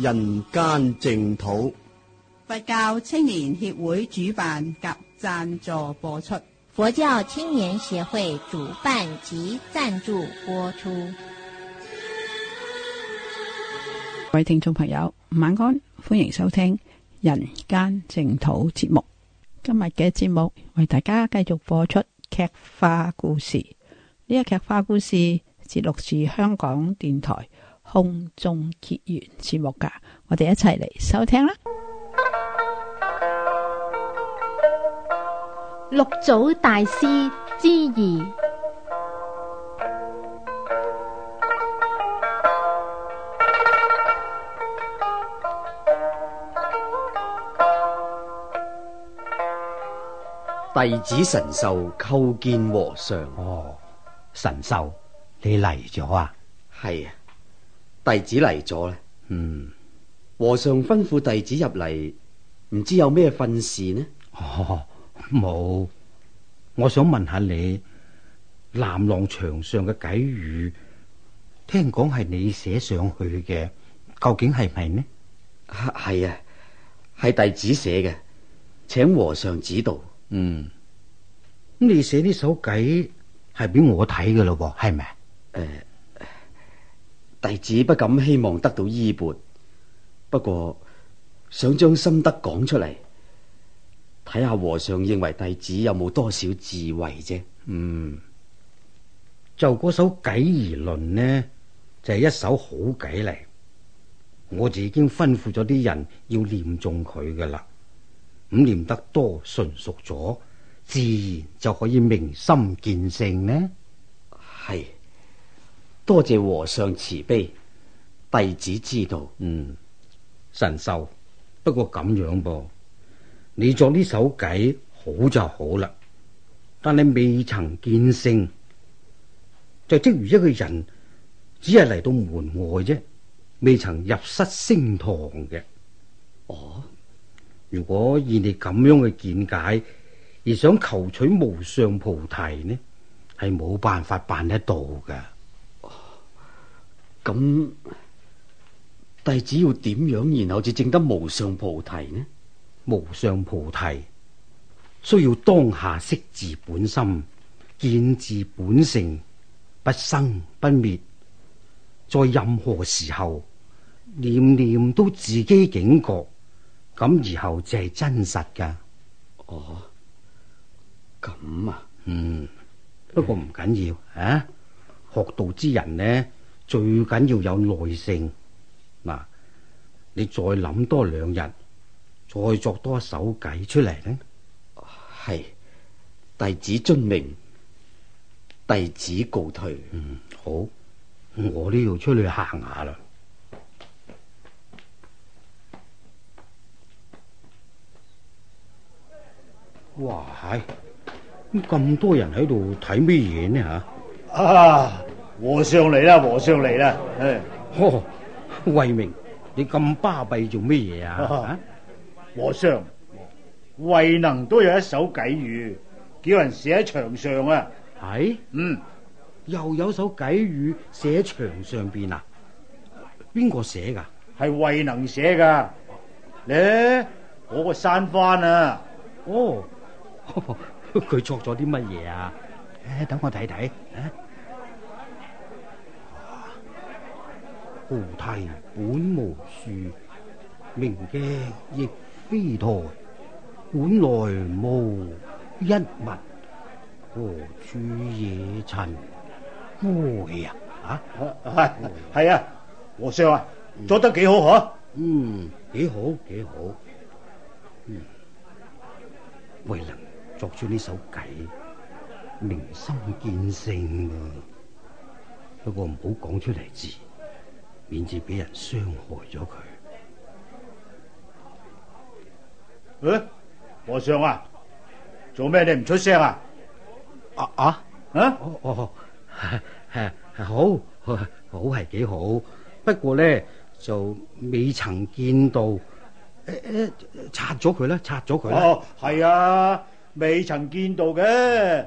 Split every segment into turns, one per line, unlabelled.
人間淨土，
佛教青年協會主辦及贊助播出。
佛教青年協會主辦及贊助播出。各
位聽眾朋友，晚安，歡迎收聽《人間淨土》節目。今日嘅節目為大家繼續播出劇化故事。呢個劇化故事節錄自香港電台。空中結緣節目噶，我哋一齊嚟收聽啦。六祖大師之二，
弟子神秀叩見和尚。哦，神秀，你嚟咗啊？係啊。弟子嚟咗啦，嗯，和尚吩咐弟子入嚟，唔知有咩份事呢？哦、冇，我想問下你，南浪牆上嘅偈語，聽講係你寫上去嘅，究竟係咪呢？係啊，係、啊、弟子寫嘅，請和尚指導。嗯，你寫呢首偈係俾我睇嘅咯，係咪？誒、呃。弟子不敢希望得到衣缽，不過想將心得講出嚟，睇下和尚認為弟子有冇多少智慧啫。嗯，就嗰首偈而論呢，就係、是、一首好偈嚟，我就已經吩咐咗啲人要念誦佢噶啦。咁念得多，純熟咗，自然就可以明心見性呢。係。多謝和尚慈悲，弟子知道。嗯，神秀，不過咁樣噃，你作呢首偈好就好啦。但你未曾見性，就即如一個人只係嚟到門外啫，未曾入室升堂嘅。哦，如果以你咁樣嘅見解而想求取無上菩提呢，係冇辦法辦得到噶。咁弟子要點樣，然後就證得無上菩提呢？無上菩提需要當下識自本心，見自本性，不生不滅。在任何時候，念念都自己警覺，咁然後就係真實噶。哦，咁啊，嗯，不過唔緊要啊，學道之人呢，最緊要有耐性，嗱，你再諗多兩日，再作多一手計出嚟咧。係、啊，弟子遵命，弟子告退。嗯，好，我呢度出去行下啦。哇，咁咁多人喺度睇咩嘢呢？吓啊！啊和尚嚟啦，和尚嚟啦！唉，呵慧明，你咁巴閉做乜嘢啊？和尚慧能都有一首偈語，叫人寫喺牆上啊。係嗯，又有首偈語寫喺牆上邊啊？邊個寫噶？係慧能寫噶。咧，嗰個山番啊。哦，佢作咗啲乜嘢啊？誒，等我睇睇。菩提本無樹，明鏡亦非台，本來無一物，何處惹塵埃啊？啊，係啊，和尚啊，啊，啊，做得幾好嗬？嗯，幾好、嗯、幾好。嗯，未能作出呢首偈，明心見性、啊、不過唔好講出嚟字。免至俾人傷害咗佢。嗯、欸，和尚啊，做咩你唔出聲啊？啊啊啊！哦哦、啊，係、啊、係、啊、好，好係幾好。不過咧就未曾見到，誒、欸、誒、啊，拆咗佢啦，拆咗佢啦。哦，係啊，未曾見到嘅。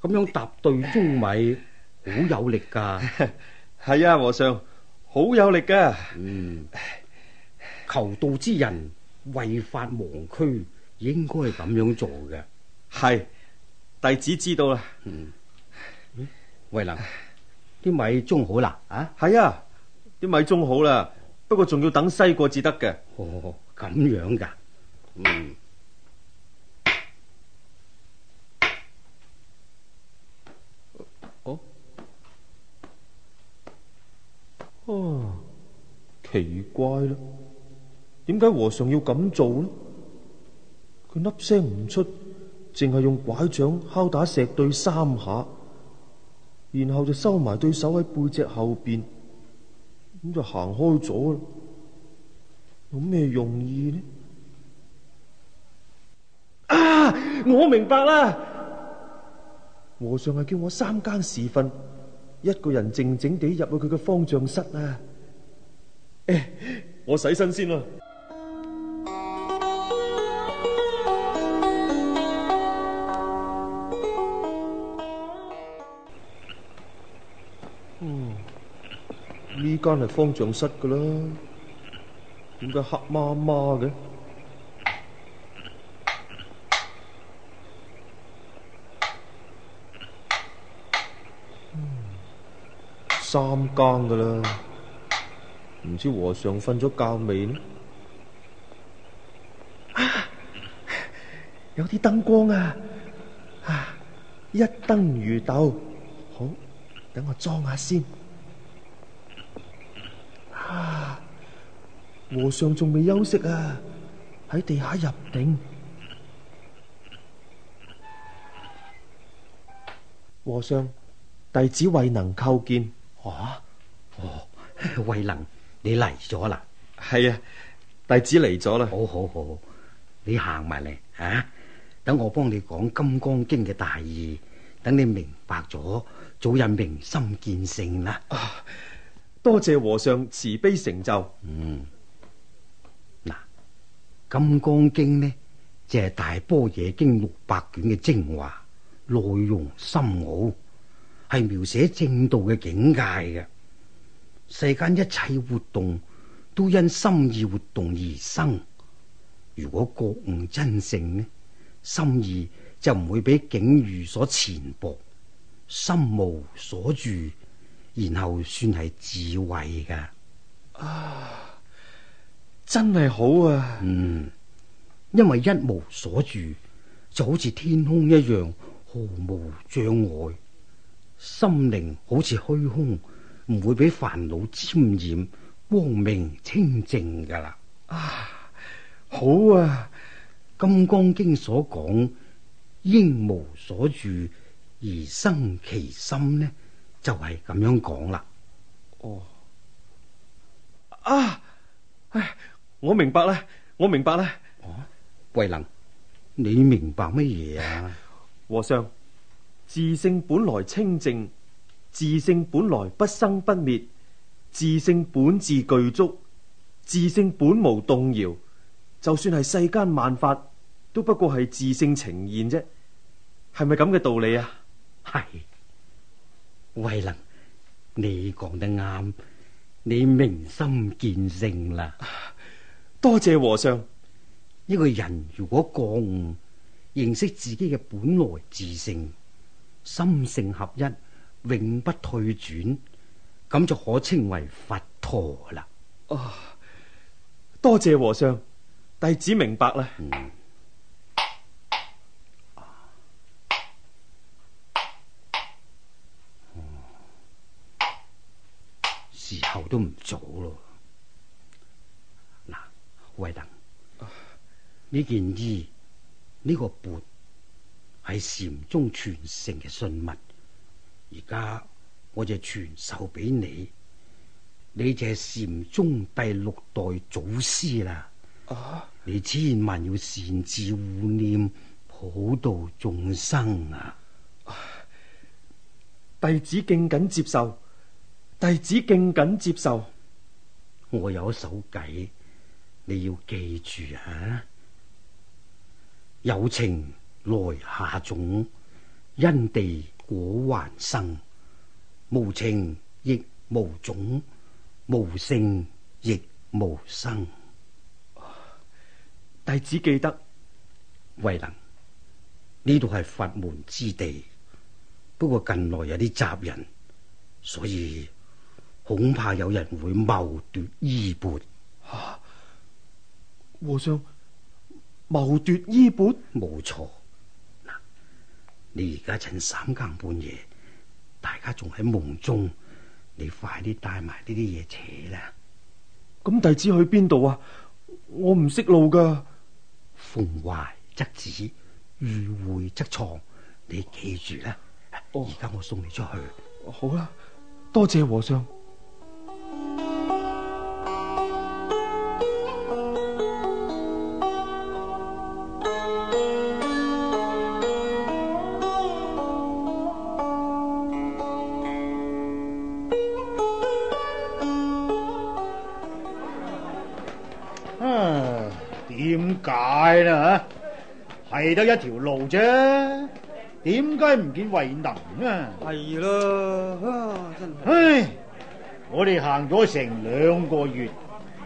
咁樣踏碓舂米好有力噶，係 啊，和尚好有力噶。嗯，求道之人為法忘軀，應該係咁樣做嘅。係，弟子知道啦。嗯，慧能啲米舂好啦啊？係啊，啲米舂好啦，不過仲要等西過至得嘅。哦，咁樣噶。嗯。奇怪啦，點解和尚要咁做呢？佢粒聲唔出，淨係用拐杖敲打石碓三下，然後就收埋對手喺背脊後邊，咁就行開咗啦。有咩用意呢？啊！我明白啦。和尚係叫我三更時分，一個人靜靜地入去佢嘅方丈室啊。我洗身先啦。嗯，呢間係方丈室噶啦，點解黑麻麻嘅？三間噶啦。唔知和尚瞓咗覺未呢？啊，有啲燈光啊！啊，一燈如豆。好，等我裝下先。啊，和尚仲未休息啊？喺地下入定。和尚，弟子慧能叩見。啊？哦，慧能。你嚟咗啦。係啊，弟子嚟咗啦。好，好，好，你行埋嚟啊！等我幫你講《金剛經》嘅大義，等你明白咗，早日明心見性啦。啊，多謝和尚慈悲成就。嗯，嗱，《金剛經》呢就係、是、大般若經六百卷嘅精華，內容深奧，係描寫正道嘅境界嘅。世間一切活動都因心意活動而生。如果覺悟真性呢，心意就唔會俾境遇所纏縛，心無所住，然後算係智慧㗎。啊，真係好啊！嗯，因為一無所住，就好似天空一樣，毫無障礙，心靈好似虛空。唔會俾煩惱沾染，光明清淨噶啦。啊，好啊！金剛經所講應無所住而生其心呢，就係、是、咁樣講啦。哦，啊，唉，我明白啦，我明白啦。哦、啊，慧能，你明白乜嘢啊？ 和尚，自性本來清淨。自性本來不生不滅，自性本自具足，自性本無動搖。就算係世間萬法，都不過係自性呈現啫。係咪咁嘅道理啊？係，慧能，你講得啱，你明心見性啦。多謝和尚。一個人如果覺悟認識自己嘅本來自性，心性合一，永不退轉，咁就可稱為佛陀啦。啊、哦，多謝和尚，弟子明白啦。嗯、哦，時候都唔早咯。嗱，慧燈，呢、哦、件衣，呢、呢個鉢，係禪宗傳承嘅信物。而家我就傳授俾你，你就係禪宗第六代祖師啦。啊、你千萬要善自護念普度眾生啊！弟子敬謹接受，弟子敬謹接受。我有一首偈，你要記住啊！有情來下種，因地。果還生，無情亦無種，無性亦無生。弟子記得，慧能呢度係佛門之地，不過近來有啲雜人，所以恐怕有人會謀奪衣鉢。啊，和尚，謀奪衣鉢？冇錯。你而家趁三更半夜，大家仲喺夢中，你快啲帶埋呢啲嘢扯啦！咁弟子去邊度啊？我唔識路噶。逢懷則止，遇會則藏，你記住啦！而家我送你出去。哦、好啦，多謝和尚。解啦嚇，係得一條路啫，點解唔見慧能啊？係咯，真係。唉，唉，我哋行咗成兩個月，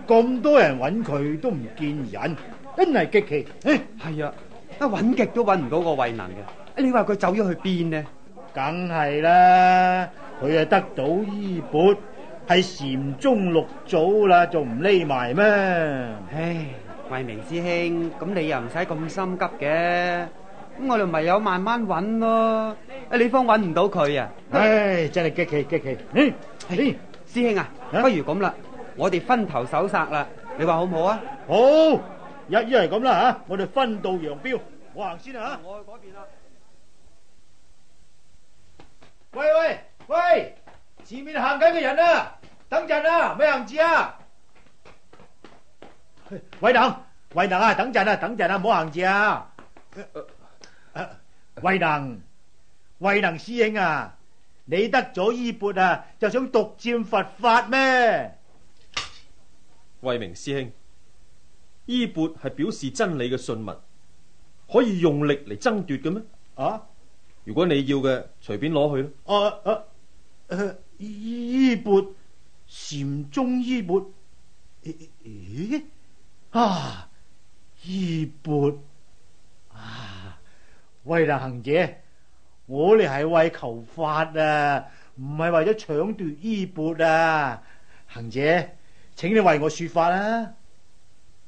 咁多人揾佢都唔見人，真係極奇。唉，係啊，一揾極都揾唔到個慧能嘅。你話佢走咗去邊呢？梗係啦，佢啊，得到衣缽，係禪宗六祖啦，仲唔匿埋咩？唉。為明師兄，咁你又唔使咁心急嘅，咁我哋咪有慢慢揾咯。啊，你方揾唔到佢啊？唉，真係激氣激氣。師兄啊，不如咁啦，我哋分頭搜殺啦，你話好唔好啊？好，一依係咁啦吓，我哋分道揚鑣，我行先啊吓。我去嗰邊啦。喂喂喂，前面行緊嘅人啊，等陣啊，咪行住啊。慧能，慧能啊，等陣啊，等陣啊，唔好行住啊！慧能，慧能師兄啊，你得咗衣缽啊，就想獨佔佛法咩？慧明師兄，衣缽係表示真理嘅信物，可以用力嚟爭奪嘅咩？啊？如果你要嘅，隨便攞去咯。啊啊誒，衣缽，禪宗衣缽？咦？啊！衣缽啊！喂啦行者，我哋係為求法啊，唔係為咗搶奪衣缽啊！行者，請你為我說法啦，啊。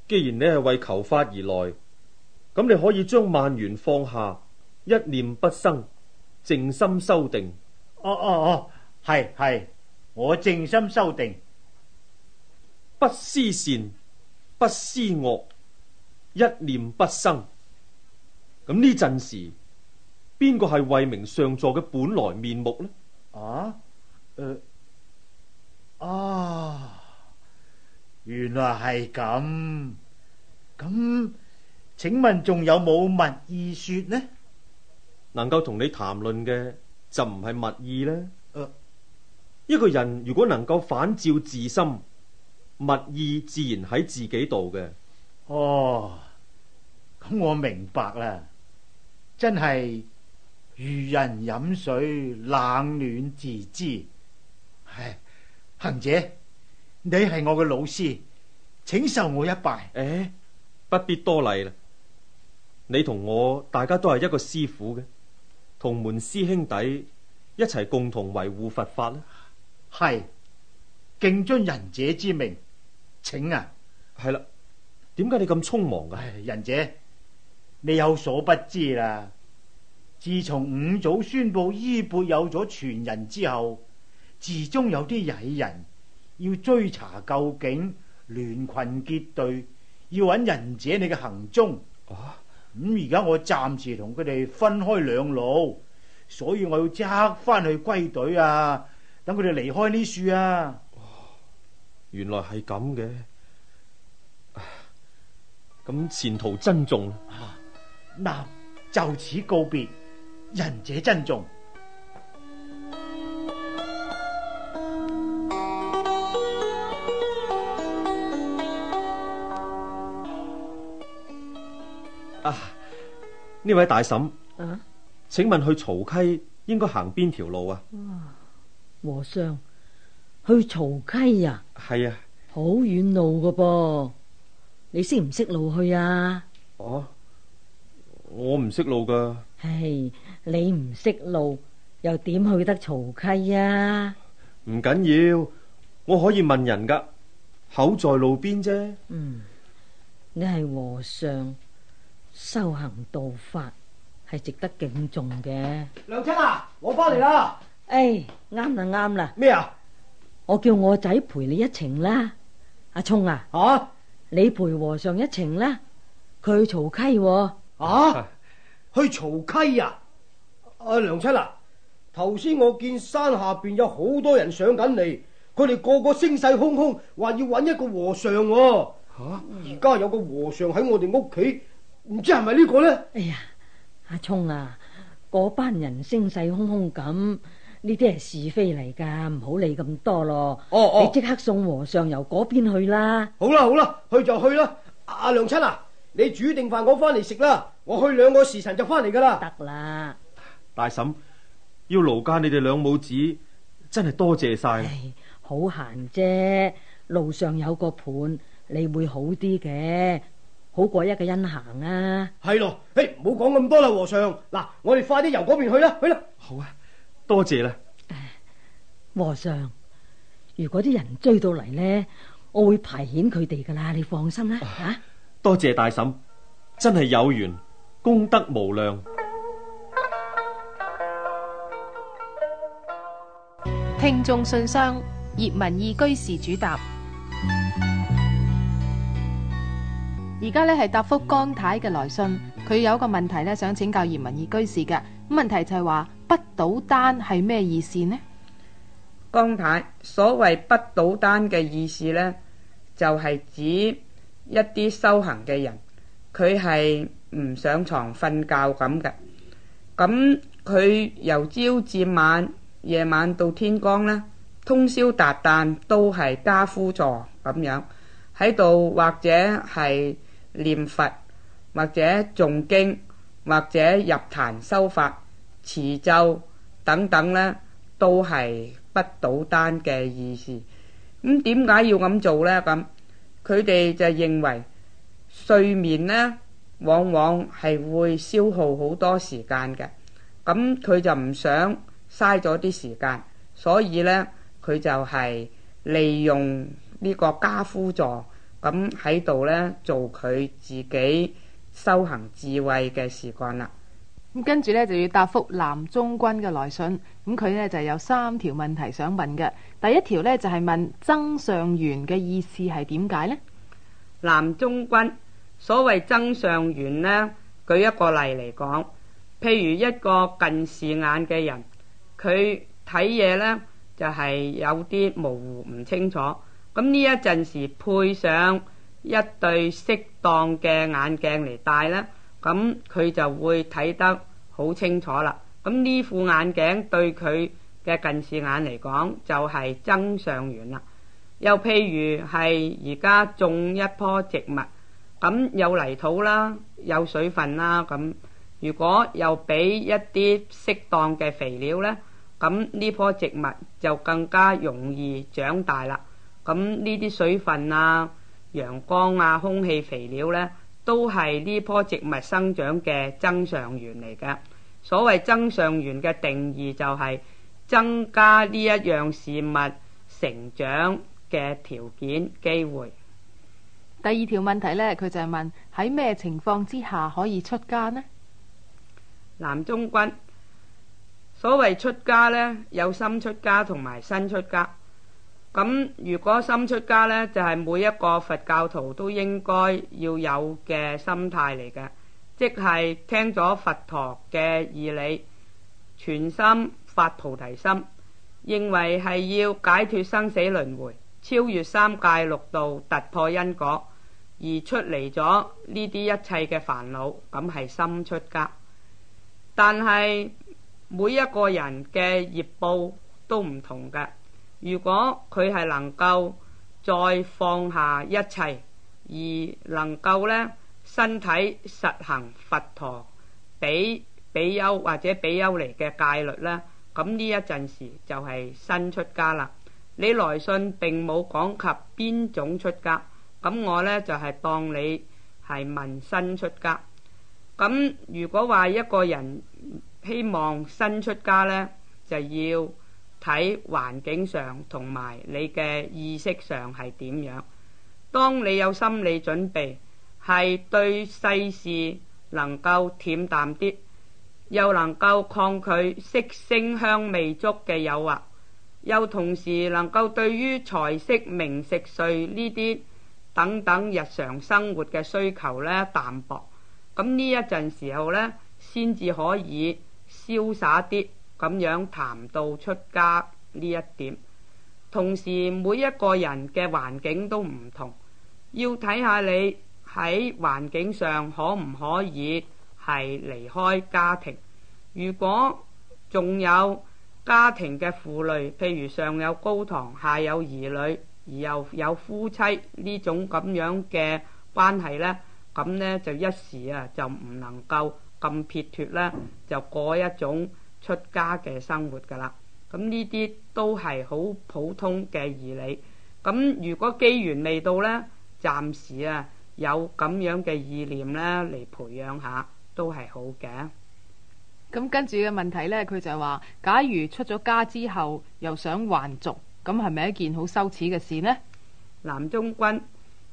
既然你係為求法而來，咁你可以將萬元放下，一念不生，靜心修定。哦哦哦，係、哦、係、哦，我靜心修定，不思善。不思惡，一念不生。咁呢陣時，邊個係惠明上座嘅本來面目呢？啊、呃？啊！原來係咁。咁、嗯，請問仲有冇密意說呢？能夠同你談論嘅就唔係密意呢？呃、一個人如果能夠反照自心。物意自然喺自己度嘅。哦，咁我明白啦。真係如人飲水，冷暖自知。唉，行者，你係我嘅老師，請受我一拜。誒，不必多禮啦。你同我大家都係一個師傅嘅，同門師兄弟一齊共同維護佛法啦。係，敬遵仁者之命。請啊，係啦，點解你咁匆忙啊仁者？你有所不知啦，自從五祖宣布衣缽有咗傳人之後，自中有啲歹人要追查究竟，聯群結隊要揾仁者你嘅行蹤。啊，咁而家我暫時同佢哋分開兩路，所以我要即刻返去歸隊啊！等佢哋離開呢處啊！原來係咁嘅，咁前途珍重啦。啊，嗱，就此告別，仁者珍重。啊，呢位大嬸，啊、請問去曹溪應該行邊條路
啊？和尚。去曹溪啊？係啊，好遠路噶噃，你識唔識路去啊？哦，
我唔識路噶。唉，
你唔識路又點去得曹溪啊？
唔緊要，我可以問人噶，口在路邊啫。
嗯，你係和尚，修行道法，係值得敬重嘅。娘親啊，我翻嚟啦！哎，啱啦，啱啦。咩啊？我叫我仔陪你一程啦，阿聰啊，吓、啊，你陪和尚一程啦，佢去曹溪，啊，去曹溪啊，阿娘親啊，頭先、啊啊啊、我
見山下邊有好多人上緊嚟，佢哋個個聲勢洶洶，話要搵一
個和尚、啊，吓、啊，而家有個和尚喺我哋屋企，唔知係咪呢個呢？哎呀，阿聰啊，嗰班人聲勢洶洶咁。呢啲係是非嚟噶，唔好理咁多咯。哦哦，你即刻送和尚由嗰邊去啦。好啦好啦，去就去啦。阿娘親啊，你煮定飯，我翻嚟食啦。我去兩個時辰就翻嚟噶啦。得啦了，
大嬸，要勞駕你哋兩母子，真係多謝晒。
好閒啫，路上有個伴，你會好啲嘅，好過一個人行啊。係咯，嘿，
唔好講咁多啦，和尚。嗱，我哋快啲由嗰邊去
啦，去啦。好啊。多謝啦，和尚。如果啲人追到嚟呢，我會排遣佢哋噶啦，你放心啦，吓。
多謝大嬸，真係有緣，功德無量。
聽眾信箱，葉文義居士主答。而家呢係答覆江太嘅來信。佢有一個問題呢，想請教賢民二居士噶。咁問題就係話不倒單係咩意思呢？
江太，所謂不倒單嘅意思呢，就係指一啲修行嘅人，佢係唔上床瞓覺咁嘅。咁佢由朝至晚，夜晚到天光呢，通宵達旦都係跏趺坐咁樣喺度，或者係念佛。或者誦經，或者入壇修法、持咒等等呢，都係不倒單嘅意思。咁點解要咁做呢？咁佢哋就認為睡眠呢，往往係會消耗好多時間嘅。咁佢就唔想嘥咗啲時間，所以呢，佢就係利用呢個跏趺坐咁喺度呢做佢自己。修行智慧嘅時間啦，咁
跟住呢就要答覆南中君嘅來信，咁、嗯、佢呢就有三條問題想問嘅。第一條呢，就係、是、問增上緣嘅意思係點解呢？南中君，所謂「增上緣」呢，
舉一個例嚟講，譬如一個近視眼嘅人，佢睇嘢呢就係、是、有啲模糊唔清楚，咁呢一陣時配上，一對適當嘅眼鏡嚟戴咧，咁佢就會睇得好清楚啦。咁呢副眼鏡對佢嘅近視眼嚟講就係增上緣啦。又譬如係而家種一樖植物，咁有泥土啦，有水分啦，咁如果又俾一啲適當嘅肥料咧，咁呢樖植物就更加容易長大啦。咁呢啲水分啊～陽光啊，空氣、肥料呢，都係呢棵植物生長嘅增上緣嚟㗎。所謂增上緣嘅定義就係增加呢一樣事物成長嘅條件、機會。
第二條問題呢，佢就係問喺咩情況之下可以出家呢？
南中軍，所謂出家呢，有心出家同埋身出家。咁如果心出家呢，就係、是、每一個佛教徒都應該要有嘅心態嚟嘅，即係聽咗佛陀嘅義理，全心發菩提心，認為係要解脫生死輪迴，超越三界六道，突破因果，而出嚟咗呢啲一切嘅煩惱，咁係心出家。但係每一個人嘅業報都唔同㗎。如果佢係能夠再放下一切，而能夠咧身體實行佛陀、比比丘或者比丘尼嘅戒律呢，咁呢一陣時就係身出家啦。你來信並冇講及邊種出家，咁我呢就係、是、當你係問身出家。咁如果話一個人希望身出家呢，就要。睇環境上同埋你嘅意識上係點樣？當你有心理準備，係對世事能夠恬淡啲，又能夠抗拒色聲香味觸嘅誘惑，又同時能夠對於財色名食睡呢啲等等日常生活嘅需求咧淡薄，咁呢一陣時候呢，先至可以瀟灑啲。咁樣談到出家呢一點，同時每一個人嘅環境都唔同，要睇下你喺環境上可唔可以係離開家庭。如果仲有家庭嘅負累，譬如上有高堂、下有兒女，而又有夫妻呢種咁樣嘅關係呢，咁呢就一時啊就唔能夠咁撇脱咧，就過一種出家嘅生活噶啦，咁呢啲都係好普通嘅義理。咁如果機緣未到呢，暫時啊有咁樣嘅意念呢嚟培養下
都係好嘅。咁跟住嘅問題呢，佢就係話：假如出咗家之後又想還俗，咁係咪一件好羞恥嘅事呢？南中君，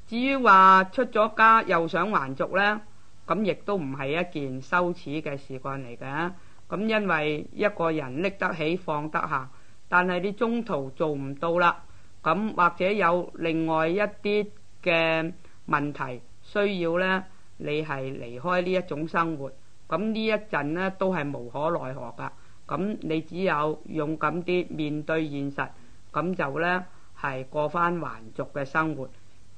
至於話出咗家又想還俗呢，咁亦都唔係一件羞恥嘅事幹嚟嘅。咁因為一個人拎得起放得下，但係你中途做唔到啦。咁或者有另外一啲嘅問題需要呢，你係離開呢一種生活。咁呢一陣呢都係無可奈何㗎。咁你只有勇敢啲面對現實，咁就呢係過返還俗嘅生活。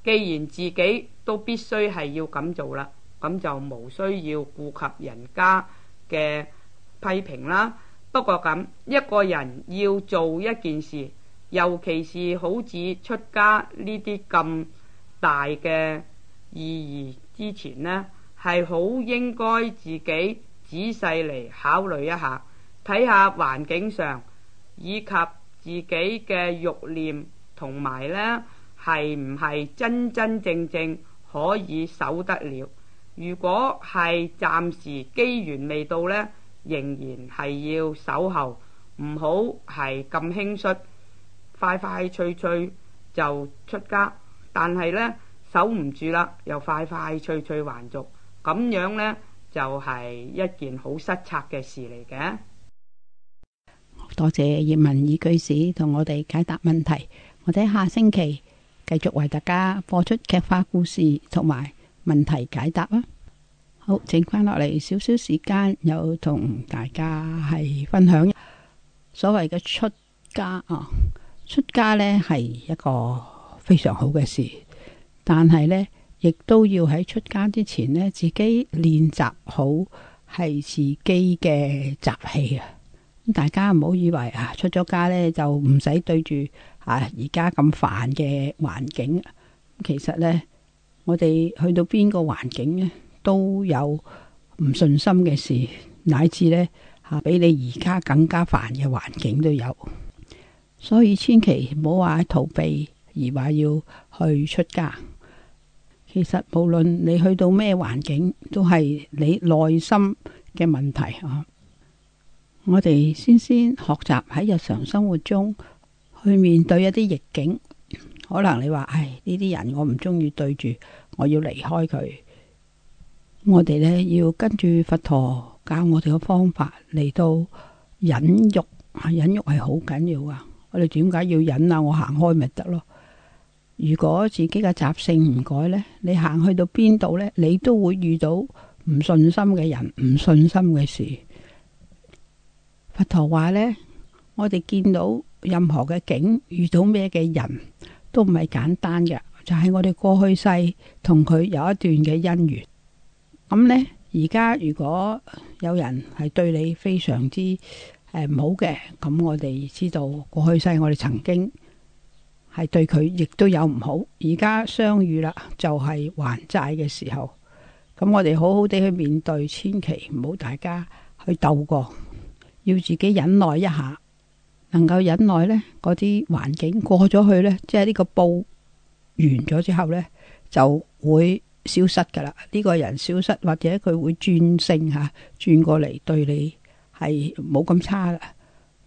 既然自己都必須係要咁做啦，咁就無需要顧及人家嘅批評啦，不過咁一個人要做一件事，尤其是好似出家呢啲咁大嘅意義之前呢，係好應該自己仔細嚟考慮一下，睇下環境上以及自己嘅慾念同埋呢係唔係真真正正可以守得了。如果係暫時機緣未到呢，仍然係要守候，唔好係咁輕率，快快脆脆就出家。但係呢，守唔住啦，又快快脆脆還俗，咁樣呢就係一件好失策嘅事嚟嘅。
多謝葉文以居士同我哋解答問題，我哋下星期繼續為大家播出劇化故事同埋問題解答啊！好，剩翻落嚟少少時間，又同大家係分享所謂嘅出家啊。出家呢係一個非常好嘅事，但係呢亦都要喺出家之前呢，自己練習好係自己嘅習氣啊。大家唔好以為啊，出咗家呢就唔使對住啊而家咁煩嘅環境。其實呢，我哋去到邊個環境呢，都有唔順心嘅事，乃至呢，吓比你而家更加煩嘅環境都有，所以千祈唔好話逃避，而話要去出家。其實無論你去到咩環境，都係你內心嘅問題啊。我哋先先學習喺日常生活中去面對一啲逆境，可能你話，唉，呢啲人我唔中意對住，我要離開佢。我哋咧要跟住佛陀教我哋嘅方法嚟到忍辱，吓忍辱係好緊要啊，我哋點解要忍啊？我行開咪得咯。如果自己嘅習性唔改呢，你行去到邊度呢，你都會遇到唔順心嘅人，唔順心嘅事。佛陀話呢，我哋見到任何嘅景，遇到咩嘅人都唔係簡單嘅，就係、是、我哋過去世同佢有一段嘅姻緣。咁呢，而家如果有人係對你非常之誒唔好嘅，咁我哋知道過去世我哋曾經係對佢亦都有唔好，而家相遇啦，就係、是、還債嘅時候。咁我哋好好地去面對，千祈唔好大家去鬥過，要自己忍耐一下，能夠忍耐呢，嗰啲環境過咗去呢，即係呢個報完咗之後呢，就會。消失噶啦，呢個人消失，或者佢會轉性嚇，轉過嚟對你係冇咁差啦。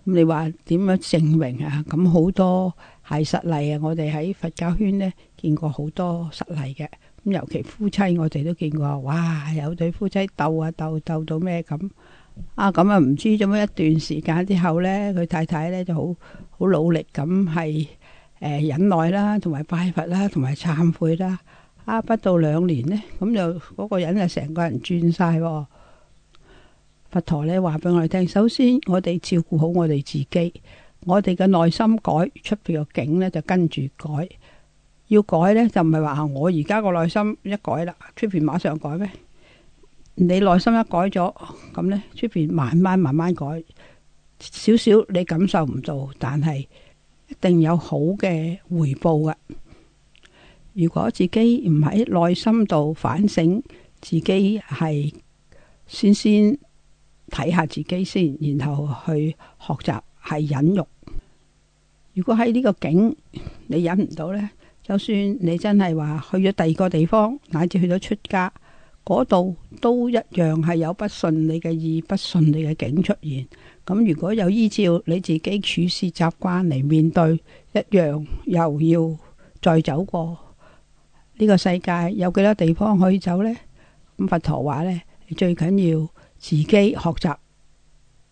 咁你話點樣證明啊？咁好多係實例啊！我哋喺佛教圈呢，見過好多實例嘅。咁尤其夫妻，我哋都見過，哇！有對夫妻鬥啊鬥，鬥到咩咁啊？咁啊唔知做咩一段時間之後呢，佢太太呢就好好努力咁係誒忍耐啦，同埋拜佛啦，同埋懺悔啦。啊，不到兩年呢，咁就嗰個人啊，成個人轉晒喎！佛陀呢話俾我哋聽，首先我哋照顧好我哋自己，我哋嘅內心改，出邊個境呢就跟住改。要改呢，就唔係話我而家個內心一改啦，出邊馬上改咩？你內心一改咗，咁呢，出邊慢慢慢慢改，少少你感受唔到，但係一定有好嘅回報啊！如果自己唔喺內心度反省，自己係先先睇下自己先，然後去學習，係忍辱。如果喺呢個境你忍唔到呢？就算你真係話去咗第二個地方，乃至去咗出家嗰度，都一樣係有不順你嘅意、不順你嘅境出現。咁如果有依照你自己處事習慣嚟面對，一樣又要再走過。呢個世界有幾多地方可以走呢？咁佛陀話呢，最緊要自己學習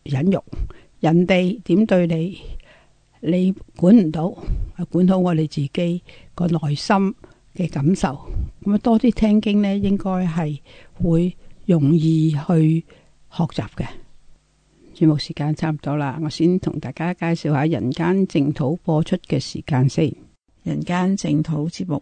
忍辱，人哋點對你，你管唔到，係管好我哋自己個內心嘅感受。咁啊，多啲聽經呢，應該係會容易去學習嘅。節目時間差唔多啦，我先同大家介紹下人間淨土播出嘅時間先。人間淨土節目。